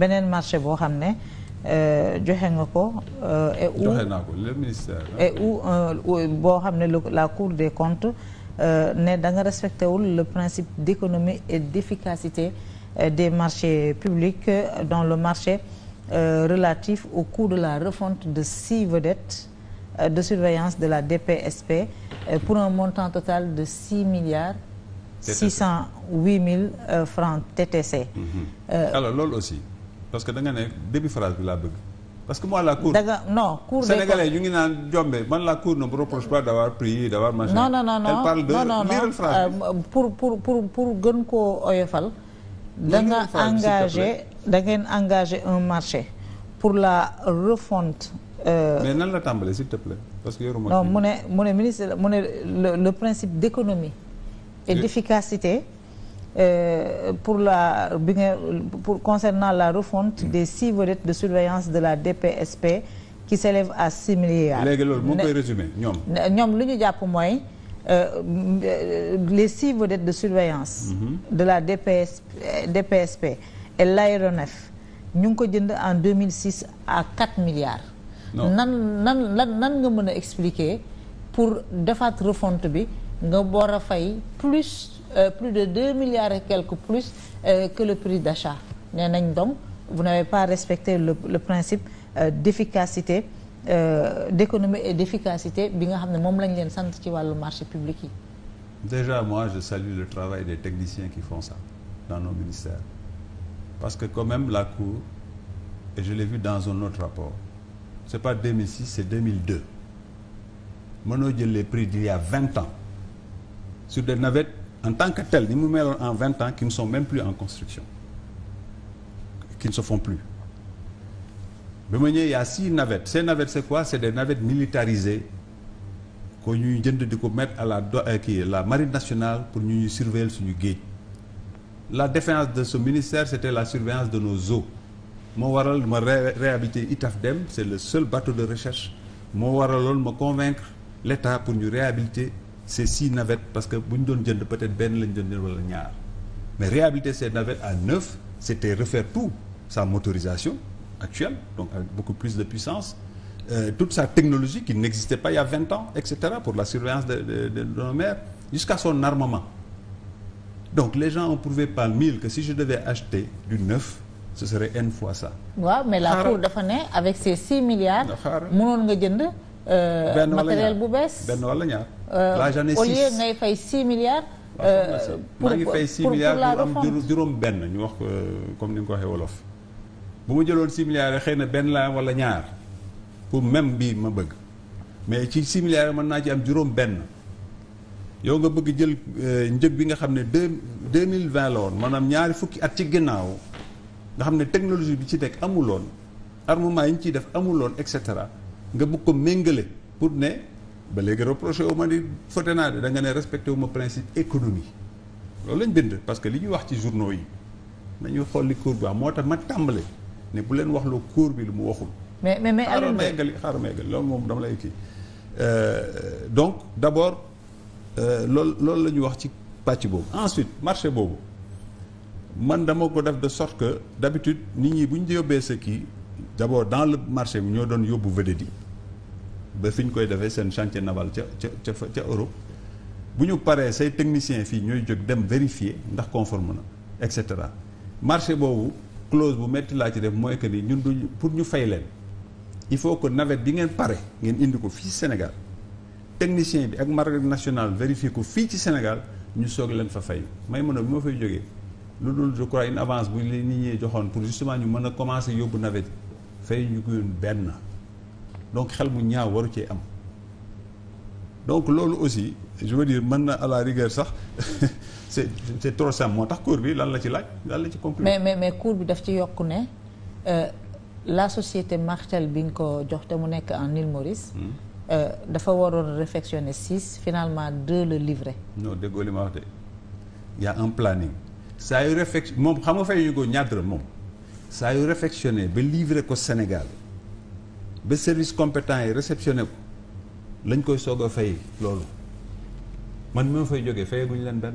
beneen marché boo xam ne euh, joxe nga ko euh, et où joxe euh, boo xam ne la cour des comptes ne danga nga wul le principe d'économie et d'efficacité des marchés publics dans le marché relatif au coût de la refonte de six vedettes de surveillance de la DPSP pour un montant total de six milliards six cent huit mille euh, francs TTC. Mhm. Euh, alors loolu aussi parce que da nga ne début phrase bi laa bëgg. parce que moi la cour daga non cour sénégalais ñu ngi naan jombe man la cour ne me reproche pas d'avoir prié d'avoir machin. non non non non elle parle de liiral phrase bi euh, pour pour pour pour gën koo oyofal. da nga engagé da ngeen engagé un marché pour la refonte. mais nan la tàmbalee s'il te plaît. parce que yoruma non mu ne mu ne ministre mu ne le principe d'économie. et d'efficacité euh, pour la bi nga pour concernant la refonte mm. des six vedettes de surveillance de la DPSP ki s'élève à six milliards. léegi loolu moo koy résumé ñoom. ñoom lu ñu jàpp mooy euh, euh, les six vedettes de surveillance. Mm-hmm. de la DPS DPSP et l'aéronef ñu ngi ko jënd en 2006 à quatre milliards. nan nan lan nan nga mën a expliquer pour defaat refonte bi. nga war a fay plus euh, plus de deux milliards et quelque plus euh, que le prix d'achat nee nañ doom bu n'avez pas respecté le, le principe euh, d'efficacité euh, d'économie et d'efficacité bi nga xam ne moom lañ leen sant ci wàllu marché public yi déjà moi je salue le travail des techniciens qui font ça dans nos ministères parce que quand même la Cour et je l'ai vu dans un autre rapport c'est pas 2006 c'est 2002 mënoo jël les prix d'il y a ans sur des navettes en tant que telles ni mu meloon en vingt ans qui ne sont même plus en construction ki ne se plus ba ma ñëw y a six navettes ces navettes c'est quoi c'est des navettes militarisées ko ñuy jënd di ko mettre à la euh, kii la marine nationale pour ñu ñuy surveiller suñu géej la défense de ce ministère c'était la surveillance de no eaux moo waral ma réhabilité ITAFDEM c'est le seul bateau de recherche moo waraloon ma convaincre l'État pour ñu réhabiliter ces six navettes parce que bu ñu doon jënd peut-être benn lañ doon jënd wala ñaar mais réhabiliter ces navettes à neuf c'était refaire tout sa motorisation actuelle donc avec beaucoup plus de puissance euh, toute sa technologie qui n'existait pas il y a vingt ans et cetera pour la surveillance de de de, de jusqu'à son armement donc les gens ont prouvé par mille que si je devais acheter du neuf ce serait n fois ça. waaw mais la cour dafa ne avec ces Euh, benn wala matériel bu bees benn wala ñaar. Euh, la j'en fay six milliards. Euh, pour maa ngi fay six milliards pour am juróom benn ñu wax comme ni nga ko waxee wolof. bu ma jëloon six milliards yi xëy na benn laa wala ñaar pour même bii ma bëgg mais ci six milliards yi mën naa ci am juróom benn yow nga bëgg jël njëg bi nga xam ne deux deux mille vingt la woon maanaam ñaari fukki at ci ginnaaw nga xam ne technologie bi ci teg amuloon armement yi ñu ciy def amuloon et cetera. nga bëgg ko méngale pour ne ba léegi reproché wu ma ni fote naa de da ne respecté wu ma principe économie loolu lañ bind parce que li ñuy wax ci journaux yi nañu xolli li bi wax moo tax ma tàmbale ne bu leen wax loo cour bi lu mu waxul. mais mais mais xaaral ma yeggali xaaral ma yeggali moom dama lay kii euh, donc d' abord euh, loolu loolu la ñu wax ci pàcc boobu ensuite marché boobu man dama ko def de sorte que d' habitude nit ñi bu ñu yóbbee sa kii. d'abord dans le marché bi ñoo doon yóbbu vedette ba fi ñu koy defee seen chantier naval ca ca ca Europe bu ñu paree say technicien fii ñooy jóg dem vérifier ndax conforme na et cetera marché boobu clause bu metti laa ci def mooy que nii ñun duñ pour ñu fay leen il faut que navette bi ngeen pare ngeen indi ko fii Sénégal technicien bi ak marque national vérifier ko fii ci Sénégal ñu soog leen fa fay may mën a fay jógee lu dul je crois une avance bu li nit ñi joxoon pour justement ñu mën a commencer yóbbu navette fay ñu ko yoon benn donc xel mu ñaaw waru ce am donc loolu aussi je veux dire mën na à la rigueur sax c'est c'est trop simple moo tax cour bi lan la ci laaj lan la ci conclure mais mais mais cour bi daf ci yokk ne euh, la société Martel bi nga ko jox te mu nekk en Île Maurice hmm. euh, dafa waroon réfectionner six finalement deux le livret non déggoo li ma wax de y un planning saa yu réflexion moom xam nga fay ñu ko moom saa yu réfectionné ba livré ko Sénégal ba service compétent yi réceptionné ko lañ koy soog a fay loolu man mi ma fay jógee fayaguñ leen benn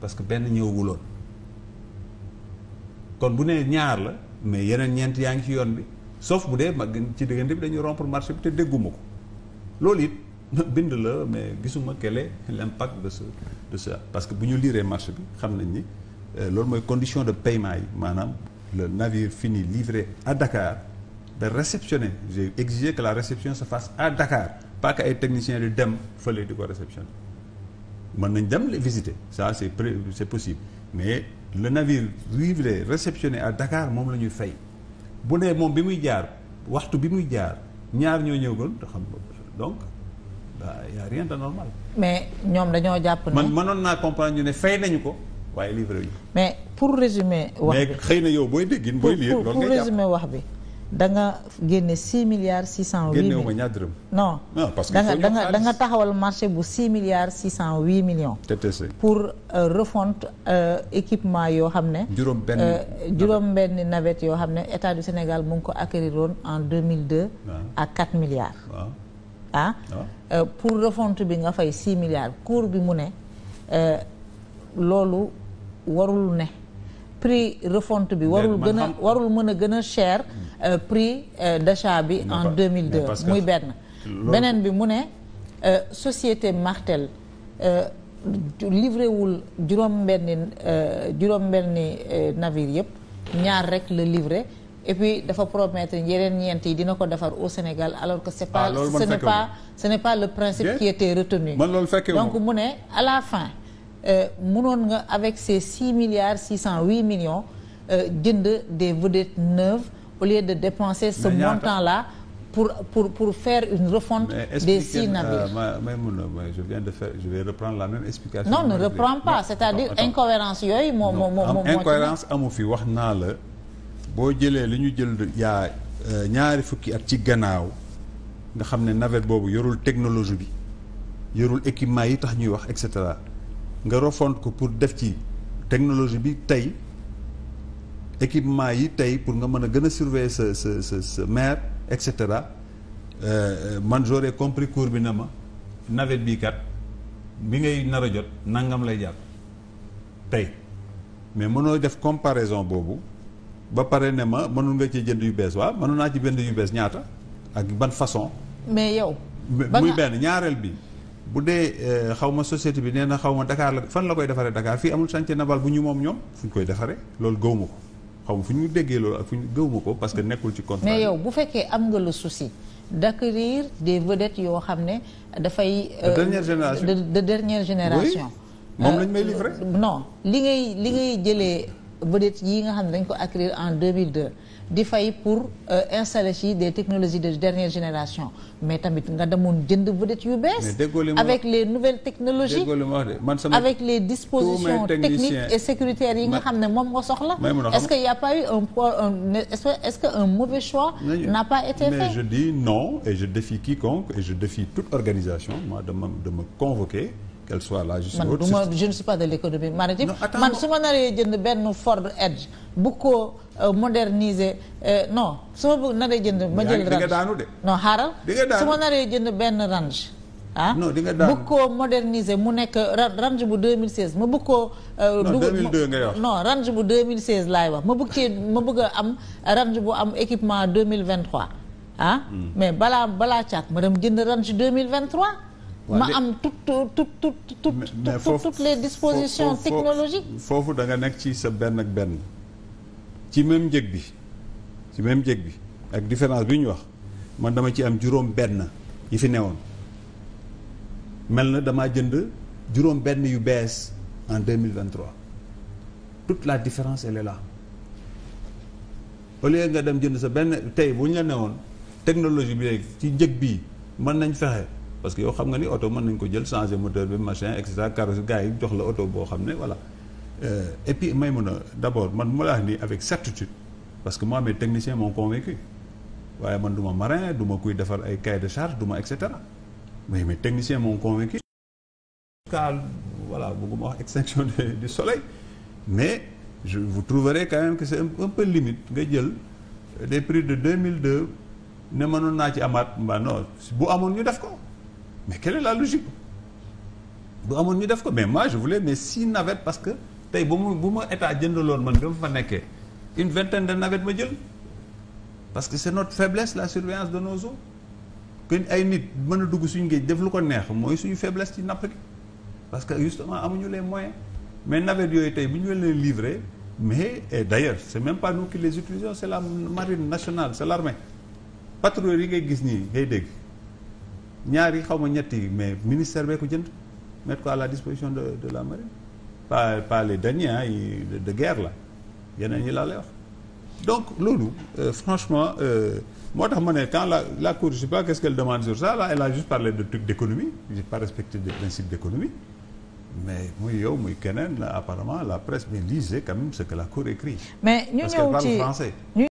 parce que benn ñëwuloon kon bu nee ñaar la mais yeneen ñeent yaa ngi ci yoon bi sauf bu dee mag ci diggante bi dañuy rompre marché bi te dégguma ko loolu it bind la mais gisuma quel est l'impact de ce de ça parce que bu ñu liiree marché bi xam nañ ni euh, loolu mooy condition de paiement yi maanaam le navire finit livré à Dakar de réceptionner j'ai exigé que la réception se fasse à Dakar pas que ay techniciens di dem fële di ko réceptionner mën nañ dem les visiter ça c'est c'est possible mais le navire livré réceptionné à Dakar moom la ñuy fay bu nee moom bi muy jaar waxtu bi muy jaar ñaar ñoo ñëwoon te xam donc il y a rien normal. mais ñoom dañoo jàpp ne. man mënoon naa comprendre ñu ne fay nañu ko. waaye livre yi. mais pour résumer. wax bi mais xëy na yow booy déggin booy lire loolu ngay jàpp pour résumer wax bi. da nga génne 6 milliards 608 mille génne wu ma ñaar dërëm. non non parce que da nga da nga da nga taxawal marché bu 6 milliards 608 millions. TTC pour euh, refonte euh, équipement yoo xam ne. juróom benn euh, juróom benn navette yoo xam ne état du Sénégal mu ngi ko acquérir woon en 2002. Ah. à 4 milliards. waaw ah. ah. ah. pour refonte bi nga fay 6 milliards cour bi mu ne loolu. warul ne prix refonte bi warul gën a warul mën a gën a cher hmm. euh, prix euh, d'achat bi en 2002 muy benn beneen bi mu ne euh, société Martel livré wul juróom-benni juróom-benni navire yëpp ñaar rek la livré et puis dafa promettre yeneen ñeent yi dina ko defar au Sénégal alors que c'est ah, pas ce n'est pas ce n'est pas le principe qui était retenu donc mu ne à la fin Euh, mënoon nga avec ces six milliards six cent huit millions euh, jënd des vedettes neuves au lieu de dépenser ce montant là pour pour pour faire une refonte des six navires mais euh, mais je viens de faire je vais reprendre la même explication. non ne reprends pas c'est-à-dire incohérence yooyu. moo moo moo incohérence amu fi wax naa la boo jëlee li ñu jël yaa ñaari fukki at ci gannaaw nga xam ne navette boobu yorul technologie bi yorul équipement yi tax ñuy wax et cetera. nga refondre ko pour def ci technologie bi tey équipement yi tey pour nga mën a gën a surveiller sa sa sa sa maire et euh, man j'aurais compris cours bi ne ma nawet bii kat bi ngay nar a jot nangam lay jàpp tey mais mënoo def comparaison boobu ba pare ne ma mënul nga ci jënd yu bees waaw mënul naa ci jënd yu bees ñaata ak ban façon. mais yow. muy benn ñaareel bi. bu dee euh, xaw ma société bi nee na xaw ma Dakar la fan la koy defaree Dakar fii amul chantier naval bu ñu moom ñoom fu ñu koy defaree loolu gëw ko xaw ma fu ñu déggee loolu ak fu ñu gëw ko parce que nekkul ci contrat mais yow bu fekkee am nga le souci d'acquérir des vedettes yoo xam ne dafay. Euh, de dernière génération de dernière génération. moom lañ may livré. Euh, non li ngay li ngay jëlee. vedettes yi nga xam ne dañ ko acquérir en 2002 di fay pour euh, installer ci des technologies de dernière génération mais tamit nga demoon jënd vedettes yu bees avec les nouvelles technologies avec les dispositions techniques et sécuritaires yi nga xam ne moom nga soxla est-ce que y a pas eu un est-ce que un mauvais choix n'a pas été fait mais je dis non et je défie quiconque et je défie toute organisation moi de me de me convoquer quelle soit la justice. man du ma je ne suis pas de l'économie maritime. man su ma naree jënd benn Ford Edge bu ko euh, moderniser euh, su ma naree jënd. ma jël range di nga ma naree jënd benn range. ah non di nga daan bëgg koo mu nekk range bu 2016 ma bëgg koo. Euh, non 2002 ngay wax non range bu laay wax ma bëgg cee ma bëgg a am range bu am équipement 2023 ah. Hmm. mais balaa balaa caag ma dem jënd range 2023. ma am tout tout tout tout toutes les dispositions technologiques foofu da nga nekk ci sa benn ak benn ci même njëg bi ci même njëg bi ak différence bi ñu wax man dama ci am juróom benn yi fi newoon mel na damaa jënd juróom benn yu bees en 2023 toute la différence elle est là au lieu nga dem jënd sa benn tey bu ñu la newoon technologie bi léegi ci njëg bii mën nañ fexe parce que yow xam nga ni oto mën nañ ko jël changer moteur bi machin et cetera carrosse jox la oto boo xam ne voilà euh, et puis may mun a d'abord man bu ma la wax nii avec certitude parce que moi mes techniciens m'ont convaincu waaye man du ma marin du ma kuy defar ay cahier de charge du ma et cetera mais mes techniciens m'ont convaincu cas voilà bëgguma wax extinction du soleil mais je vous trouverez quand même que c'est un peu limite nga jël des prix de deux ne mënoon naa ci amaat mbaa bu amoon ñu def ko mais quelle est la bu amoon ñu def ko mais ma je voulais mais six navettes parce que tey bu mu bu ma état jëndaloon man ba mu fa nekkee une vingtaine de navettes ma jël parce que c'est notre faiblesse la surveillance de nos eaux que ay nit mën a dugg suñu géej def lu ko neex mooy suñu faiblesse ci napp gi parce que justement amuñu les moyens mais navettes yooyu tey bu ñu leen livré mais et d'ailleurs c'est même pas nous qui les utilisons c'est la marine nationale c'est l'armée patrouille yi ngay gis nii dégg ñaari xaw ma ñetti mais ministère bee ko jënd mettre ko à la disposition de de la marine pas pas les derniers hein, de, guerre la yeneen yi laa lay wax donc loolu euh, franchement euh, moo tax ma ne quand la la cour je sais pas qu'est-ce qu'elle demande sur ça là elle a juste parlé de trucs d'économie j'ai pas respecté des principes d'économie mais muy yow muy keneen apparemment la presse mais lisez quand ce que la cour écrit mais ñu ñëw français